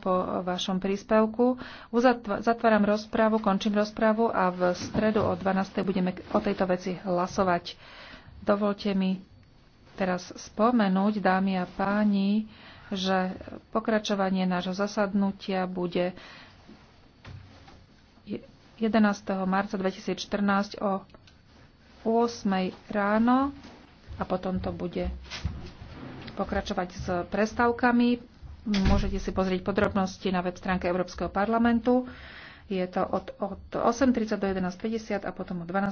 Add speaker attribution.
Speaker 1: po vašom príspevku. Zatváram rozprávu, končím rozprávu a v stredu o 12. budeme o tejto veci hlasovať. Dovolte mi teraz spomenúť, dámy a páni, že pokračovanie nášho zasadnutia bude 11. marca 2014 o 8. ráno a potom to bude pokračovať s prestávkami. Môžete si pozrieť podrobnosti na web stránke Európskeho parlamentu. Je to od, od 8.30 do
Speaker 2: 11.50 a potom od 12.